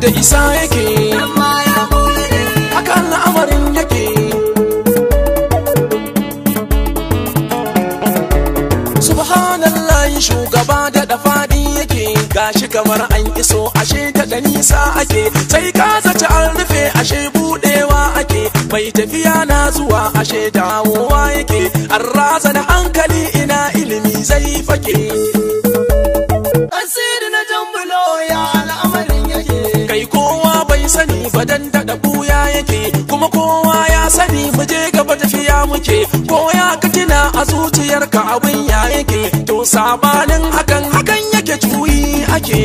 da isa yake haka la'amarin yake subhanallahi shugaba da dafadi yake gashi kamar an iso ashe ta da nisa ake sai ka zaci an rufe ashe budewa ake mai tafiya na zuwa ashe dawowa yake an razana da hankali ina ilimi zai fake sani ba dan daɗa ɓuya yake kuma kowa ya sani mu je gaba tafiya muke ko ya ka tuna a zuciyar ka abin ya yake to sabanin hakan hakan yake juyi ake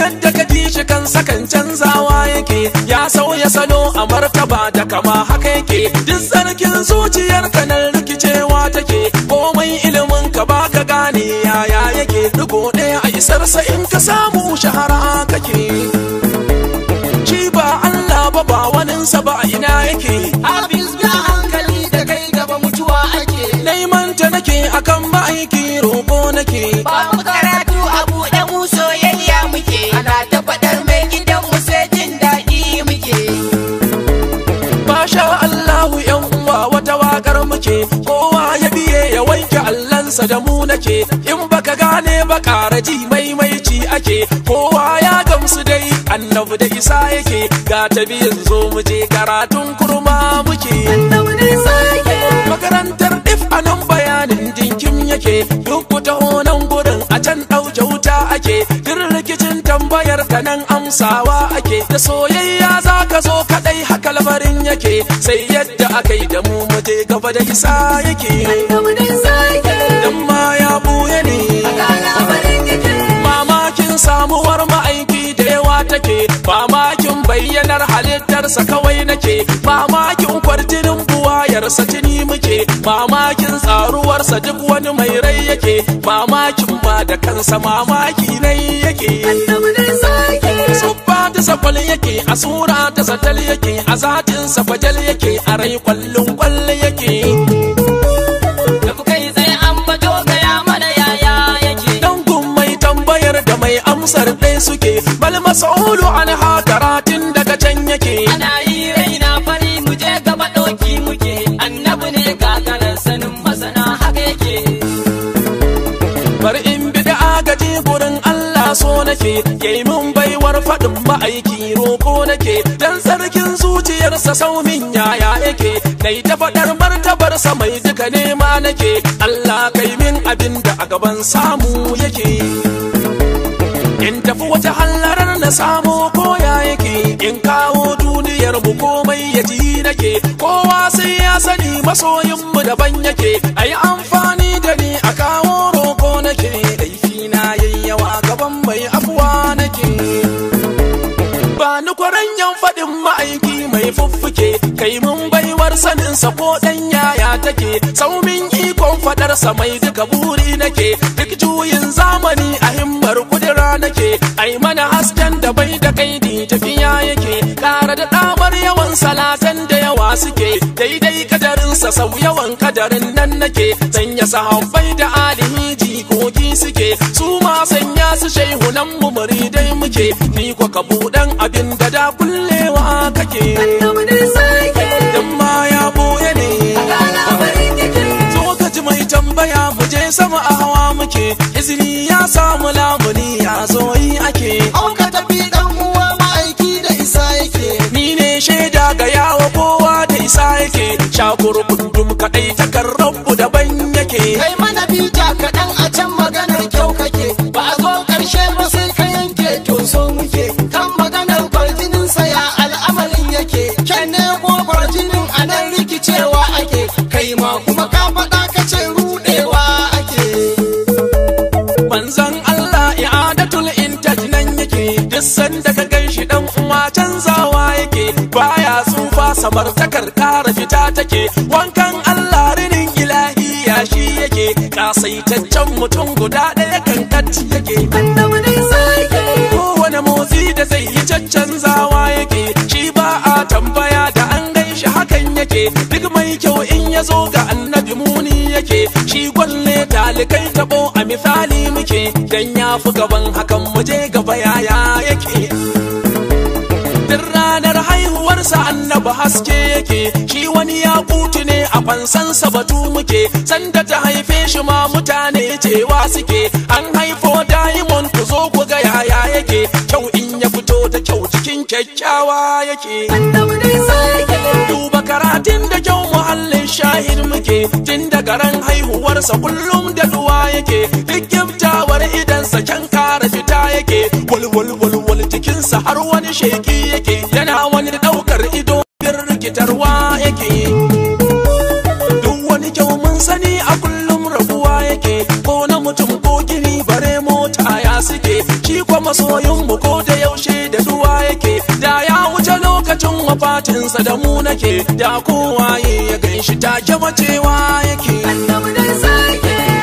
yadda ka ji shi kan sakan canzawa yake ya sauya salo a martaba da kama haka yake duk sarkin zuciyar zuciyarka nan rikicewa take komai ilimin ka baka gane yaya yake rigo ɗaya a isarsa in ka samu shahara kake abinsa ba a ina yake abis hankali da kai gaba mutuwa ake neman ta nake akan aiki roƙo sa da mu nake in baka gane ba ƙaraji maimaici ake kowa ya gamsu dai annabi da isa yake ga ta biyan zo mu je karatun kurma muke makarantar if anan nan bayanin dinkin yake duk ta honan gudun gurin a can ɗauke wuta ake duk rikicin tambayar ta nan amsawa ake da soyayya za ka zo kaɗai haka lamarin yake sai yadda aka yi da mu muje gaba da isa yake samuwar ma'aiki da yawa take mamakin bayyanar halittarsa kawai nake mamakin kwarjinin buwayarsa jini muke mamakin tsaruwarsa duk wani mai rai yake mamakin ba da kansa mamaki nai yake ta sakwal yake a sura ta satal yake a zatin safajal yake a rai kwallon kwallo yake amsar ɗaya suke bal mas'ulu an hakaratin karatun daga can yake ana yi raina fari mu je gaba doki muke annabi ne kakanan sanin masana haka yake bar in bid'a da agaji gurin Allah so nake yayi mun baiwar faɗin ma'aiki roko nake dan sarkin zuciyarsa saumin yaya yake dai ta faɗar martabarsa mai duka nema nake Allah kai min abinda a gaban samu yake in tafi wata hallarar na samo ko ya yake in kawo duniyar mu komai ya ji nake kowa sai ya sani masoyin mu daban yake ayi amfani da ni a kawo roko nake laifi na yayyawa gaban mai afuwa nake ba ni kwaranyan faɗin ma'aiki mai fuffuke kai mun baiwar saninsa ko ɗan yaya take saumin fadar mai duka buri nake duk juyin zamani a himmar kudura nake ai mana hasken da bai da kaidi tafiya yake kara da damar yawan salatan da yawa suke daidai kadarinsa sau yawan kadarin nan nake sanya sahabbai da alihi jikoki suke su ma sanya su nan mu muridai muke ni ko ka abin da da kullewa kake sama a hawa muke izini ya samu lamuni a zoyi ake auka tafi dan uwa ma'aiki da isa yake ni ne shaida ga yawa kowa da isa yake shakuru kundum kaɗai takar daban yake kai mana ja kaɗan a can maganar kyau kake baya tsufa samartakar kara fita take wankan Allah rinin ilahi ya shi yake kasaitaccen mutum guda ɗaya kan kacci yake kowane motsi da zai yi zawa yake shi ba a tambaya da an gan shi hakan yake duk mai kyau in ya zo ga annabi muni yake shi gwalle talikai tabo a misali muke dan ya fi gaban hakan muje gaba yaya yake fansa annabi haske yake shi wani ya ne a fansansa batu muke sanda ta haife shi ma mutane cewa suke an haifo diamond ku zo ku ga yaya yake kyau in ya fito da kyau cikin kyakkyawa yake duba karatun da kyau muhallin shahid muke tun daga ran haihuwarsa kullum da duwa yake gaggabtawar idon saken kara fita yake walwalwalwal cikinsa har wani sheki yake yana wani masoyin mu ko da yaushe da duwa yake da ya wuce lokacin wafatinsa da mu nake da kowa ya ganshi take macewa yake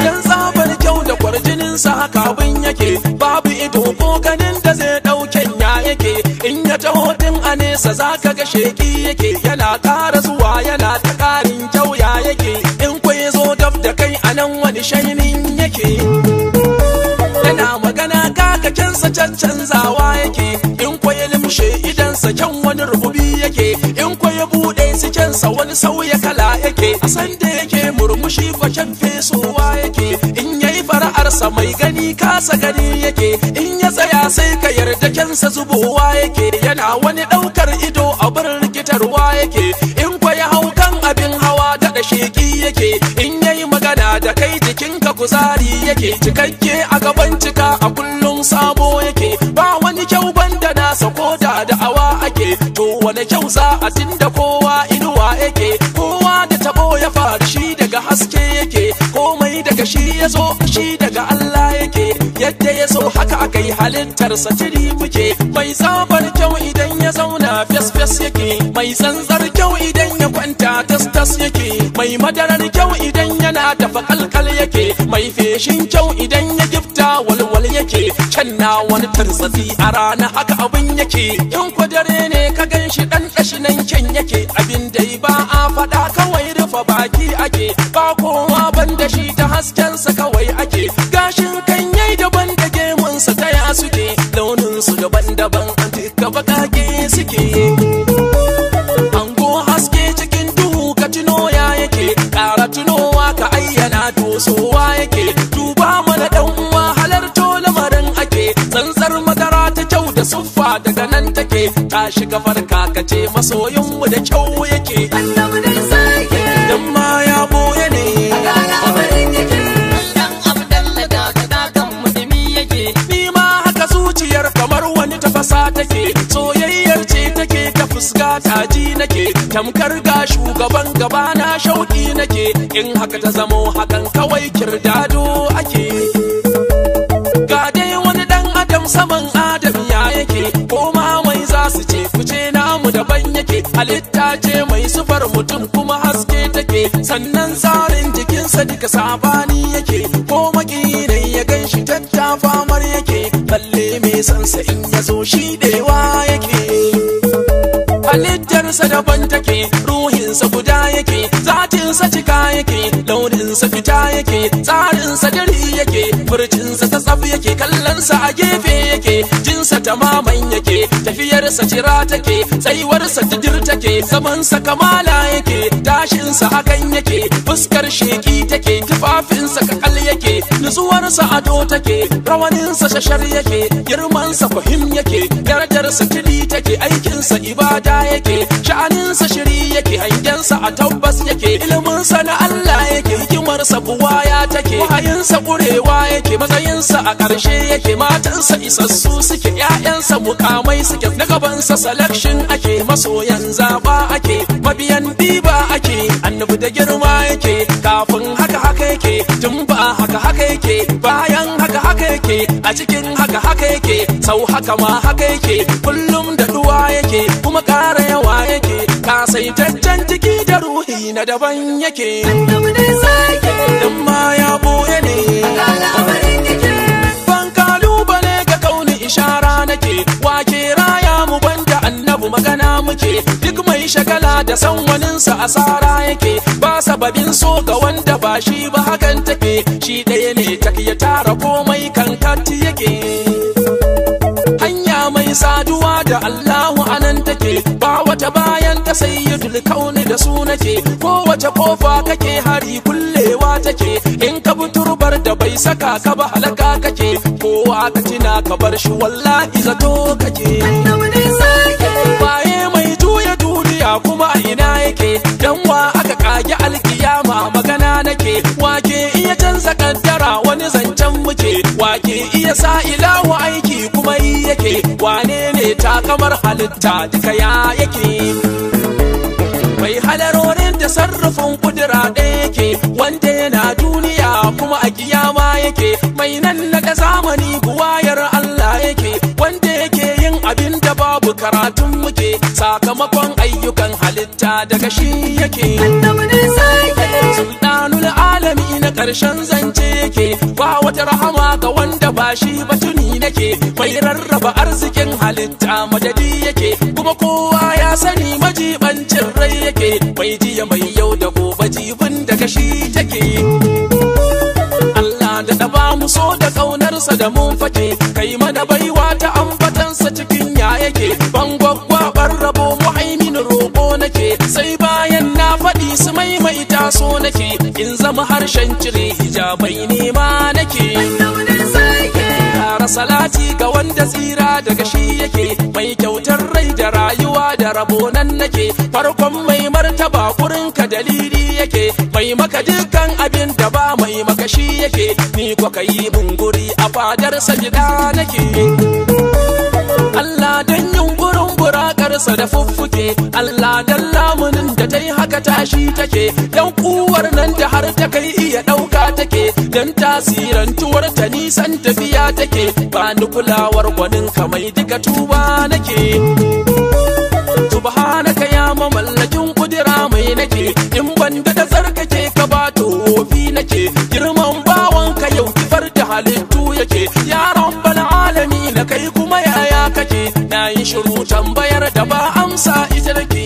dan sabar kyau da kwarjinin sa bin yake babu ido ko ganin da zai dauke ya yake in ya taho din a nesa zaka ga sheki yake yana ƙara zuwa yana ta ƙarin kyau ya yake can canzawa yake in kwaye limshe idan kyan wani rububi yake in kwaye bude sikensa wani sauya kala yake a san da yake murmushi faken fesowa yake in yayi fara'arsa mai gani kasa gani yake in ya tsaya sai ka yarda kyansa zubowa yake yana wani daukar ido a bar rikitarwa yake in kwaye haukan abin da sheki yake in yayi magana da kai jikinka kuzari yake cikakke a gaban cika a kullum sabo yake ba wani kyau banda nasa ko da da'awa ake to wani kyau za a tinda kowa inuwa yake kowa da tabo ya faru shi daga haske yake daga shi ya zo shi daga Allah yake yadda ya zo haka aka yi halittar tiri muke mai sabar kyau idan ya zauna fes fes yake mai zanzar kyau idan ya kwanta tas tas yake mai madarar kyau idan yana tafa kalkal yake mai feshin kyau idan ya gifta walwal yake can na wani tarsatsi a rana haka abin yake in kwadare ne ka gan shi dan dashi nan kyan yake abin dai ba a faɗa kawai rufe baki ake ba ko daban da shi ta haskensa kawai ake gashin kan yai daban da gemunsa ta ya suke launinsu daban daban an duka bakake suke ango haske cikin duhu ka tuno ya yake ƙara tunowa ka ayyana tosowa yake duba mana dan wahalar lamarin ake zanzar madara ta kyau da siffa daga nan take tashi ka farka ka ce masoyinmu da kyau yake annabi bukata nake tamkar ga shugaban gaba na shauki nake in haka ta zamo hakan kawai kirdado ake ga dai wani dan adam saman adam ya yake ko ma mai za su ce kuce namu daban yake halitta ce mai sufar mutum kuma haske take sannan tsarin jikinsa duka sabani yake ko maki ya gan shi tattafamar yake balle mai sansa in ya zo shi dewa yake rayuwarsa daban take ruhinsa guda yake sa cika yake launinsa fita yake tsarinsa dare yake furcinsa ta tsaf yake sa a gefe yake jin jinsa tamaman yake sa cira take ta tidir take sa kamala yake tashin sa akan yake fuskar sheki take tufafin sa kakal yake nutsuwar nutsuwarsa ado take sa shashar yake girman sa fahim yake darajarsa tili take sa ibada yake sha'aninsa shiri yake hangensa a tabbas yake iliminsa na Allah yake hikimarsa ya take wahayinsa ƙurewa yake matsayinsa a ƙarshe yake matansa isassu suke ƴaƴansa mukamai suke na gabansa selection ake masoyan zaba ake mabiyan diba ake annabi da girma yake kafin har yake tun ba haka haka yake bayan haka haka yake a cikin haka haka yake sau haka ma haka yake kullum da duwa yake kuma ƙara yawa yake ka saitaccen ciki da ruhi na daban yake dan ma ya ɓoye ne da san waninsa asara yake ba sababin so ga wanda ba shi ba hakan take shi ɗaya ne take tara komai kan kati yake hanya mai saduwa da Allahu anan take ba wata bayan ta sai yudul kauni da su nake kowace kofa kake hari kullewa take in ka bi turbar da bai saka ka ba halaka kake kowa ka tina ka bar shi wallahi zato kake mai juya duniya kuma wake iya canza kaddara wani zancen muke wake iya sa wa aiki kuma yi yake wane ne takamar halitta duka ya yake mai halarorin da sarrafin kudura ɗaya yake wanda yana duniya kuma a kiyama yake mai nan na zamani buwayar Allah yake wanda yake yin abin da babu karatun muke sakamakon ayyukan halitta daga shi yake karshen zance yake ba wata rahama ga wanda ba shi ba tuni nake mai rarraba arzikin halitta madadi yake kuma kowa ya sani majibancin rai yake mai jiya mai yau da gobe jibin da kashi take Allah da ba mu so da kaunarsa da mun fake kai mana baiwa ta ambatansa ciki in zama harshen cire hijabai nima nake salati ga wanda tsira daga shi yake mai kyautar rai da rayuwa da rabo nan nake farkon mai martaba ka dalili yake mai maka dukkan abin da ba mai maka shi yake ni ko kai bunguri a fadar gida nake Allah dan yin buraka sa da fuffuke Allah da lamunin da ta yi haka tashi take dan kuwar nan da har ta kai iya ɗauka take dan tuwar ta nisan tafiya take ba ni kulawar gwanin kamai duka tuba nake Musa ita da ke